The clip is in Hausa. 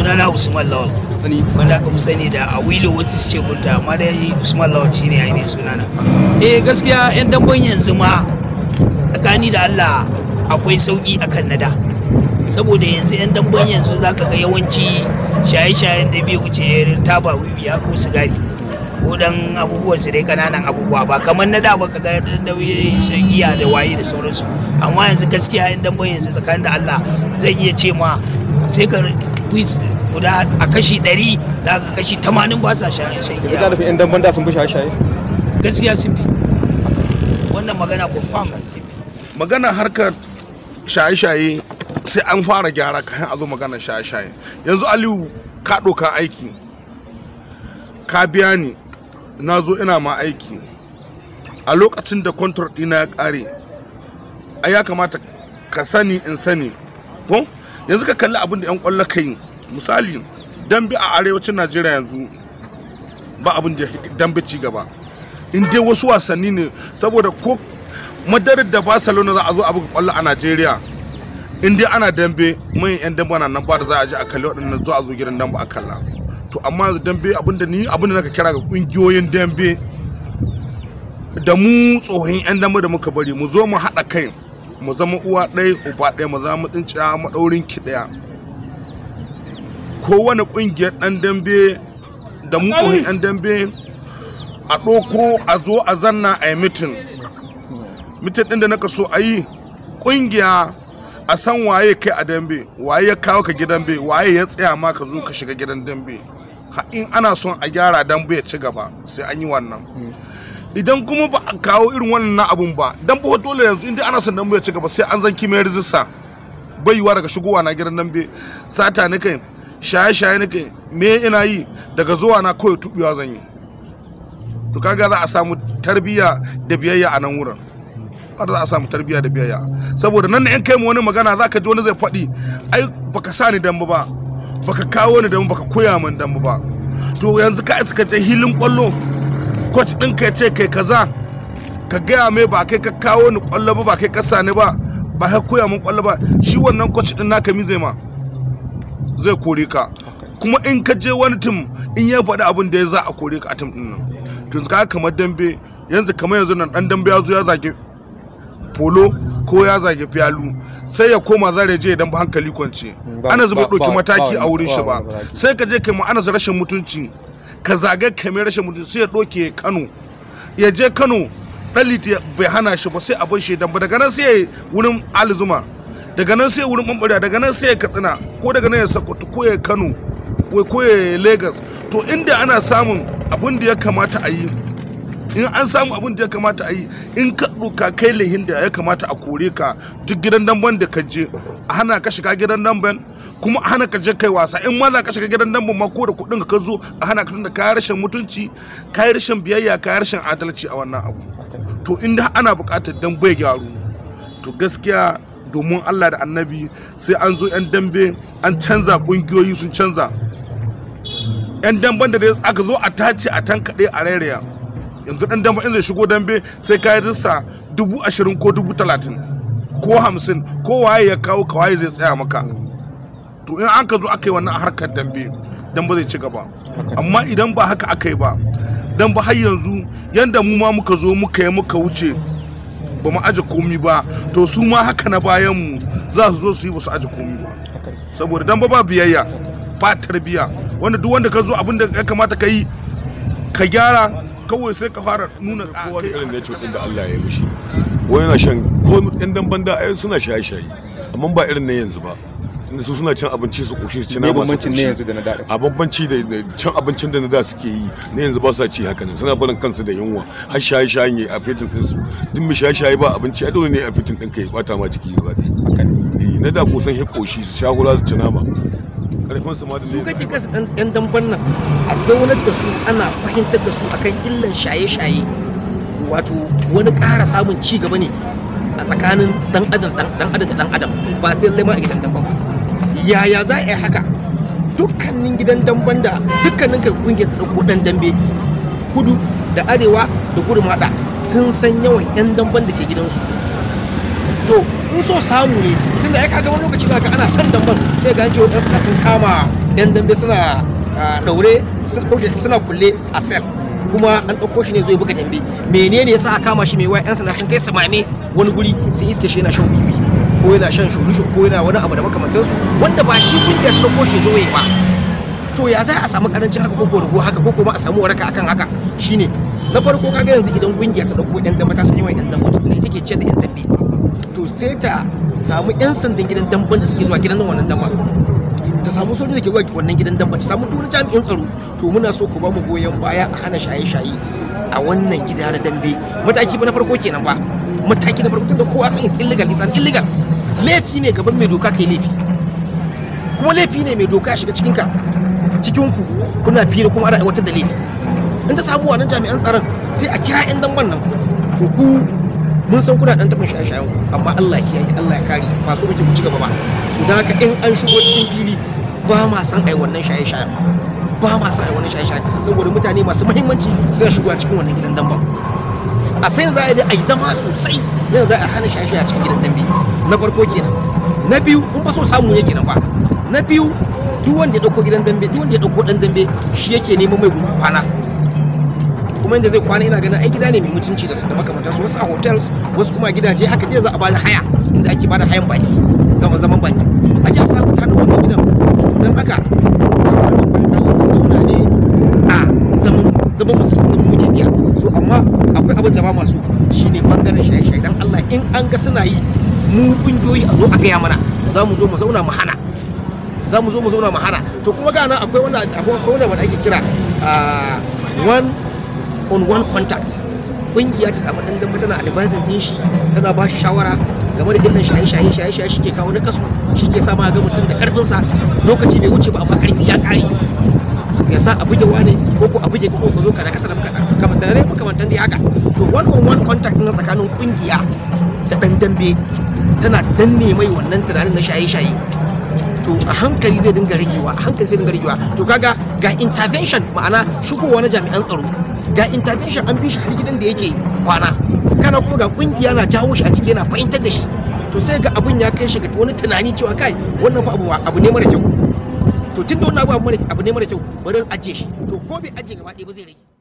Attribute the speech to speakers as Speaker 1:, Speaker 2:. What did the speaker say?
Speaker 1: Suna na usman lawal wanda aka fi sani da a wilo wasu su ce gunta amma dai usman lawal shine ainihin sunana eh gaskiya yan damban yanzu ma tsakani da allah akwai sauki akan nada saboda yanzu yan damban yanzu za ka ga yawanci shaye-shayen da bai wuce taba wiwiya ko sigari ko dan abubuwan su dai kananan abubuwa ba kamar na da ba ka ga nauyi shagiya da waye da sauransu amma yanzu gaskiya yan damban yanzu tsakanin da Allah zan iya ce ma sai ka guda a kashi 100 za ka kashi 80 ba sa shan giya da
Speaker 2: yan damban da sun fi shaye-shaye gaskiya sun fi wannan magana ko fam sun fi magana harkar shaye-shaye sai an fara gyara kayan a zo magana shaye-shaye yanzu aliyu ka ɗoka aiki ka biya ni na zo ina ma aiki a lokacin da kwantar ɗina ya ƙare a ya kamata ka sani in sani yanzu ka kalli abin da 'yan kwallo ka yi misali dambe a arewacin najeriya yanzu ba abin da dambe ci gaba in dai wasu wasanni ne saboda ko madarar da barcelona za a zo abin kwallo a najeriya in dai ana dambe mai 'yan dambe na nan ba da za a je a kalli waɗannan zuwa a zo gidan dambe a kalla to amma yanzu dambe da ni abin da naka kira ga kungiyoyin dambe da mu tsohon 'yan dambe da muka bari mu zo mu haɗa kai mu zama uwa ɗaya uba ɗaya mu zama tsinciya maɗaurin ki ɗaya kowane ƙungiyar ɗan dambe da mu ɗan dambe a ɗoko a zo a zanna a yi mitin mitin ɗin da na so a yi ƙungiya a san waye kai a dambe waye ya kawo ka gidan dambe waye ya tsaya ma ka zo ka shiga gidan dambe in ana son a gyara dambe ya ci gaba sai an yi wannan mm. idan kuma ba a kawo irin wannan abun ba dan ba dole yanzu inda ana son dambe ya ci gaba sai an zan rizista. rijista baiwa daga shigowa na gidan be sata na kai shaye-shaye na kai me ina yi daga zuwa na kawai tubiwa zan yi to kaga za a samu tarbiya da biyayya a nan wurin har za a samu tarbiya da biyayya saboda nan ne in kai mu wani magana za ka ji wani zai faɗi ai baka sa ni dambe ba baka kawo ni dan baka koya min dambe ba to yanzu ka iska ce hilin kwallo coach ɗinka ya ce kai kaza ka gaya mai ba kai ka kawo ni kwallo ba kai ka sani ba ba ka koya min kwallo ba shi wannan coach ɗin naka mi zai ma zai kore ka kuma in ka je wani tim in ya faɗi abin da ya za a kore ka a tim ɗin nan tun ka kamar dambe yanzu kamar yanzu nan ɗan dambe ya zo ya zage polo ko ya zage fiyalu sai ya koma zare je idan ba hankali kwance ana zuba doki mataki a wurin shi ba sai ka je kai mu ana rashin mutunci ka zaga kamar rashin mutum sai ya doke Kano ya je Kano ɗalita bai hana shi ba sai a bar shi dan daga nan sai wurin alzuma daga nan sai wurin bambara daga nan sai katsina ko daga nan ya sokoto ko ya Kano ko ya Lagos to inda ana samun abin da ya kamata a yi in an samu abin da ya kamata a yi in ka ɗoka kai lahin da ya kamata a kore ka duk gidan damben da ka je a hana ka shiga gidan damben kuma a hana ka je kai wasa in ma za ka shiga gidan damben ma ko da kuɗin ka zo a hana ka tunda kayi rashin mutunci kayi rashin biyayya kayi rashin adalci a wannan abu to inda ana buƙatar dambe gyaru to gaskiya domin Allah da annabi sai an zo 'yan dambe an canza kungiyoyi sun canza 'yan damben da aka zo a tace a tankaɗe a rairaya yanzu dan dambe in zai shigo dambe sai ka yi rissa dubu ashirin ko dubu talatin ko hamsin ko waye ya kawo ka waye zai tsaya maka to in an ka zo aka yi wannan harkar dambe dambe zai ci gaba amma idan ba haka aka yi ba dan ba har yanzu yanda mu ma muka zo muka yi muka wuce ba mu aje komi ba to su ma haka na bayan mu za su zo su yi ba su aje komi ba saboda dan ba ba biyayya ba tarbiya wanda duk wanda ka zo abin da ya kamata ka yi ka gyara kawai sai ka fara nuna kai irin ne din da Allah ya yi mishi wani na shan ko ɗan dan banda ai suna shaye shaye amma ba irin na yanzu ba tunda su suna cin abinci su koshi su ci su koshi a bambanci da cin abincin da na da suke yi na yanzu ba su ci haka ne suna barin kansu da yunwa har shaye shaye ne a fitin din su duk mu shaye shaye ba abinci ai dole ne a fitin din kai bata ma jiki ne eh, na da kusan he koshi su shahura su ci nama karfin
Speaker 1: su ma da su kake kasa dan damban nan a zaunar da su ana fahimtar da su akan illan shaye-shaye wato wani ƙara samun ci gaba ne a tsakanin dan adam dan adam da dan adam ba sai lallai ma a gidan damban ba yaya za a yi haka dukkanin gidan damban da dukkanin kai kungiyar ta dauko dan dambe kudu da arewa da kudu mada sun san yawan yan damban da ke gidansu to in so samu ne tunda ya kaga wani lokaci zaka ana san damban sai ga cewa ɗan sun kama dan dambe suna daure suna kulle a sel kuma an ɗauko shi ne zai buga dambe menene yasa a kama shi mai wa yan sanda sun kai samame wani guri sai iske shi yana shan bibi ko yana shan shuru ko yana wani abu da makamantansu wanda ba shi kun da ɗauko shi zo ba to ya za a samu karancin haka ko rugu haka ko kuma a samu waraka akan haka shine na farko kaga yanzu idan kungiya ta ɗauko ɗan dambe ta sanya wa yan dambe ta ke ce da ɗan dambe to sai ta samu 'yan sandan gidan damban da suke zuwa gidan wannan damban ta samu sojoji da ke zuwa wannan gidan damban ta samu duk jami'in tsaro to muna so ku ba mu goyon baya a hana shaye-shaye a wannan gida na dambe mataki ba na farko kenan ba mataki na farko tunda kowa san is illegal is an illegal laifi ne gaban mai doka kai laifi kuma laifi ne mai doka shiga cikin ka cikin ku kuna fira kuma ana aiwatar da laifi in ta samu wannan jami'an tsaron sai a kira 'yan damban nan to ku mun san kuna dan taɓin shaye-shayen amma Allah ya yi Allah ya kare ba su muke mu ci gaba ba su da haka in an shigo cikin fili ba ma san ai wannan shaye-shayen ba ma san ai wannan shaye-shayen saboda mutane masu muhimmanci suna shigowa cikin wannan gidan damban a sai za a yi a yi zama sosai yanzu za a hana shaye-shaye a cikin gidan dambe na farko kenan na biyu in ba so samu yake nan ba na biyu duk wanda ya dauko gidan dambe duk wanda ya dauko dan dambe shi yake neman mai gudu kwana kuma yadda zai kwana ina ganin ai gida ne mai mutunci da da makamantar su wasu a hotels wasu kuma gidaje haka dai za a bada haya inda ake bada hayan baki zama zaman baki a ji a samu mutanen wanda gidan don haka zauna ne a zaman musulmi mu ke biya so amma akwai abin da ba masu shine bangaren shaye-shaye dan Allah in an ga suna yi mu kungiyoyi a zo a gaya mana za mu zo mu zauna mu hana za mu zo mu zauna mu hana to kuma ga nan akwai wanda akwai wanda ake kira ah, one on one contact kungiya ta samu dan dan tana advising din shi tana ba shi shawara game da illan shaye shaye shaye shaye shike kawo na kasu shike sa ma ga mutum da karfin sa lokaci bai wuce ba amma karfi ya kare ya sa a buge wane ko ko a buge ko ko zo ka da kasar makamantan ne makamantan da haka to one on one contact na tsakanin kungiya da dan dambe tana danne mai wannan tunanin na shaye shaye to a hankali zai dinga ragewa a hankali zai dinga ragewa to kaga ga intervention ma'ana shigowa na jami'an tsaro ga intervention an bi shi har gidan da yake kwana kana kuma ga kungiya na jawo shi a ciki yana fahimtar da shi to sai ga abun ya kai shi ga wani tunani cewa kai wannan fa abu ne mara kyau to tun da wannan abu ne mara kyau bari ajiye shi to ko bai ajiye gaba ɗaya ba zai rage